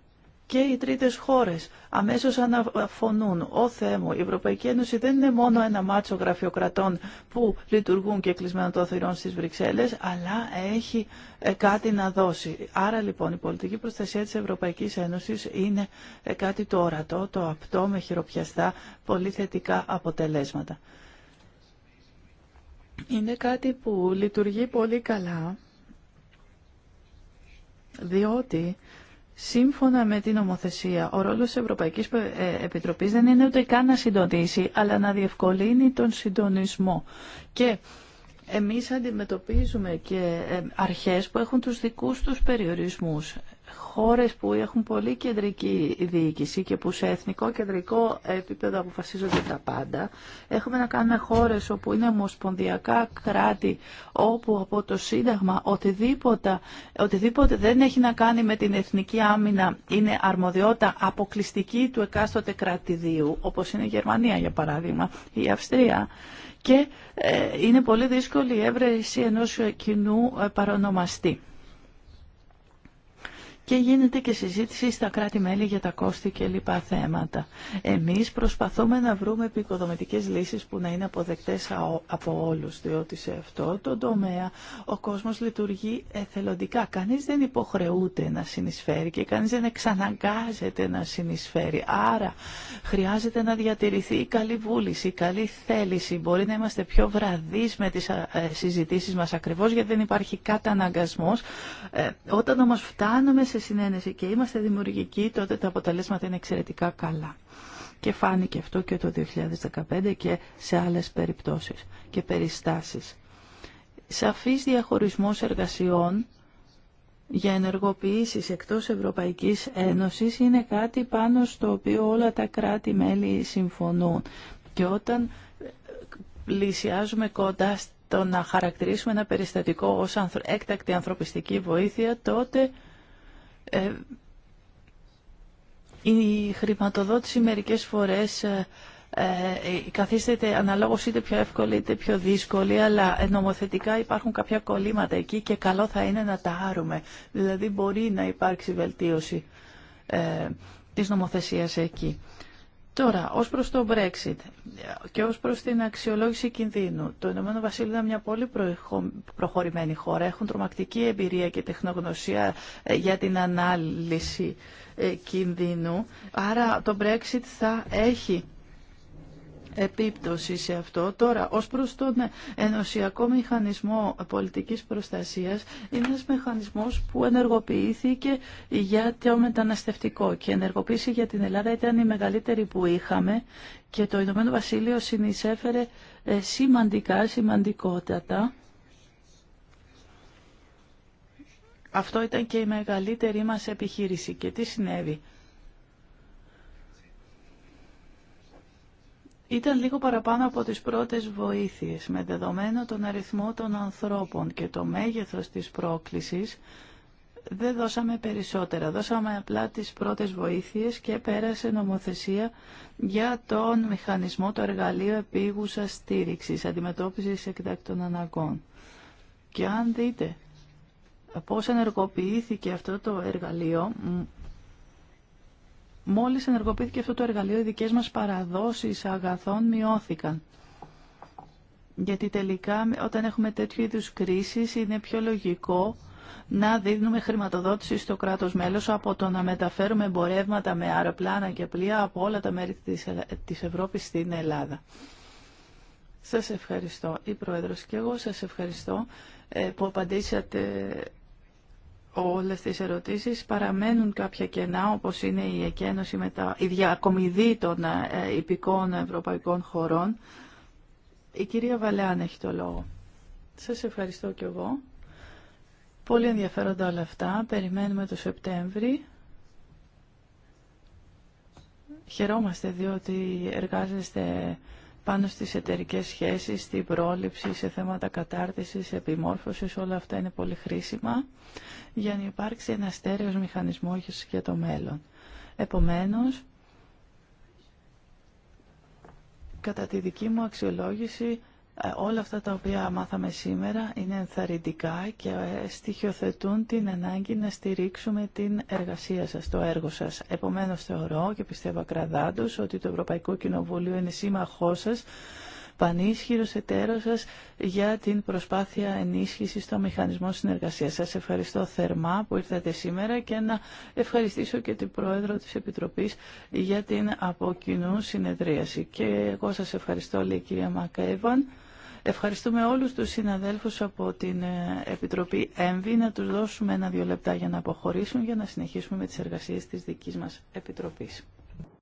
και οι τρίτες χώρες αμέσως αναφωνούν. Ο Θεέ μου, η Ευρωπαϊκή Ένωση δεν είναι μόνο ένα μάτσο γραφειοκρατών που λειτουργούν και κλεισμένο το θηρών στις Βρυξέλλες, αλλά έχει ε, κάτι να δώσει. Άρα λοιπόν η πολιτική προστασία της Ευρωπαϊκής Ένωσης είναι ε, κάτι το ορατό, το απτό, με χειροπιαστά, πολύ θετικά αποτελέσματα. Είναι κάτι που λειτουργεί πολύ καλά, διότι Σύμφωνα με την νομοθεσία, ο ρόλος τη Ευρωπαϊκής ε, Επιτροπής δεν είναι ούτε καν να συντονίσει, αλλά να διευκολύνει τον συντονισμό. Και εμείς αντιμετωπίζουμε και ε, αρχές που έχουν τους δικούς τους περιορισμούς χώρες που έχουν πολύ κεντρική διοίκηση και που σε εθνικό κεντρικό επίπεδο αποφασίζονται τα πάντα. Έχουμε να κάνουμε χώρες όπου είναι ομοσπονδιακά κράτη, όπου από το Σύνταγμα οτιδήποτε, οτιδήποτε δεν έχει να κάνει με την εθνική άμυνα είναι αρμοδιότητα αποκλειστική του εκάστοτε κρατηδίου, όπως είναι η Γερμανία για παράδειγμα, η Αυστρία και ε, είναι πολύ δύσκολη η έβρεση ενός κοινού ε, παρονομαστή και γίνεται και συζήτηση στα κράτη-μέλη για τα κόστη και λοιπά θέματα. Εμείς προσπαθούμε να βρούμε επικοδομητικές λύσεις που να είναι αποδεκτές από όλους, διότι σε αυτό το τομέα ο κόσμος λειτουργεί εθελοντικά. Κανείς δεν υποχρεούται να συνεισφέρει και κανείς δεν εξαναγκάζεται να συνεισφέρει. Άρα χρειάζεται να διατηρηθεί η καλή βούληση, η καλή θέληση. Μπορεί να είμαστε πιο βραδείς με τις ε, συζητήσεις μας ακριβώς γιατί δεν υπάρχει καταναγκασμός. Ε, όταν όμως φτάνουμε σε συνένεση και είμαστε δημιουργικοί, τότε τα αποτελέσματα είναι εξαιρετικά καλά. Και φάνηκε αυτό και το 2015 και σε άλλες περιπτώσεις και περιστάσεις. Σαφής διαχωρισμός εργασιών για ενεργοποιήσεις εκτός Ευρωπαϊκής Ένωσης είναι κάτι πάνω στο οποίο όλα τα κράτη-μέλη συμφωνούν. Και όταν πλησιάζουμε κοντά στο να χαρακτηρίσουμε ένα περιστατικό ως έκτακτη ανθρωπιστική βοήθεια, τότε ε, η χρηματοδότηση μερικές φορές ε, ε, καθίστεται αναλόγως είτε πιο εύκολη είτε πιο δύσκολη αλλά νομοθετικά υπάρχουν κάποια κολλήματα εκεί και καλό θα είναι να τα άρουμε δηλαδή μπορεί να υπάρξει βελτίωση της νομοθεσίας εκεί Τώρα, ως προς το Brexit και ως προς την αξιολόγηση κινδύνου, το Ηνωμένο Βασίλειο είναι μια πολύ προχωρημένη χώρα. Έχουν τρομακτική εμπειρία και τεχνογνωσία ε, για την ανάλυση ε, κινδύνου. Άρα το Brexit θα έχει επίπτωση σε αυτό. Τώρα, ως προς τον ενωσιακό μηχανισμό πολιτικής προστασίας, είναι ένας μηχανισμός που ενεργοποιήθηκε για το μεταναστευτικό και ενεργοποίηση για την Ελλάδα ήταν η μεγαλύτερη που είχαμε και το Ηνωμένο Βασίλειο συνεισέφερε ε, σημαντικά, σημαντικότατα. Αυτό ήταν και η μεγαλύτερη μας επιχείρηση. Και τι συνέβη. ήταν λίγο παραπάνω από τις πρώτες βοήθειες, με δεδομένο τον αριθμό των ανθρώπων και το μέγεθος της πρόκλησης, δεν δώσαμε περισσότερα. Δώσαμε απλά τις πρώτες βοήθειες και πέρασε νομοθεσία για τον μηχανισμό, το εργαλείο επίγουσα στήριξης, αντιμετώπισης εκτάκτων αναγκών. Και αν δείτε πώς ενεργοποιήθηκε αυτό το εργαλείο, Μόλις ενεργοποιήθηκε αυτό το εργαλείο, οι δικές μας παραδόσεις αγαθών μειώθηκαν. Γιατί τελικά όταν έχουμε τέτοιου είδους κρίσεις είναι πιο λογικό να δίνουμε χρηματοδότηση στο κράτος μέλος από το να μεταφέρουμε εμπορεύματα με αεροπλάνα και πλοία από όλα τα μέρη της Ευρώπης στην Ελλάδα. Σας ευχαριστώ, η Πρόεδρος, και εγώ σας ευχαριστώ ε, που απαντήσατε όλες τις ερωτήσεις παραμένουν κάποια κενά όπως είναι η εκένωση με τα, η διακομιδή των ε, υπηκών ευρωπαϊκών χωρών. Η κυρία Βαλεάν έχει το λόγο. Σας ευχαριστώ κι εγώ. Πολύ ενδιαφέροντα όλα αυτά. Περιμένουμε το Σεπτέμβρη. Χαιρόμαστε διότι εργάζεστε πάνω στις εταιρικές σχέσεις, στην πρόληψη, σε θέματα κατάρτισης, επιμόρφωσης, όλα αυτά είναι πολύ χρήσιμα για να υπάρξει ένα στέρεος μηχανισμό για το μέλλον. Επομένως, κατά τη δική μου αξιολόγηση, ε, όλα αυτά τα οποία μάθαμε σήμερα είναι ενθαρρυντικά και στοιχειοθετούν την ανάγκη να στηρίξουμε την εργασία σας, το έργο σας. Επομένως θεωρώ και πιστεύω ακραδάντως ότι το Ευρωπαϊκό Κοινοβούλιο είναι σύμμαχός σας πανίσχυρος εταίρος σας για την προσπάθεια ενίσχυσης των μηχανισμών συνεργασίας. Σας ευχαριστώ θερμά που ήρθατε σήμερα και να ευχαριστήσω και την Πρόεδρο της Επιτροπής για την αποκοινού συνεδρίαση. Και εγώ σα ευχαριστώ, λέει η κυρία Μακαέβαν. Ευχαριστούμε όλους τους συναδέλφους από την ε, Επιτροπή ΕΜΒΗ να τους δώσουμε ένα-δύο λεπτά για να αποχωρήσουν για να συνεχίσουμε με τις εργασίες της δικής μας Επιτροπής.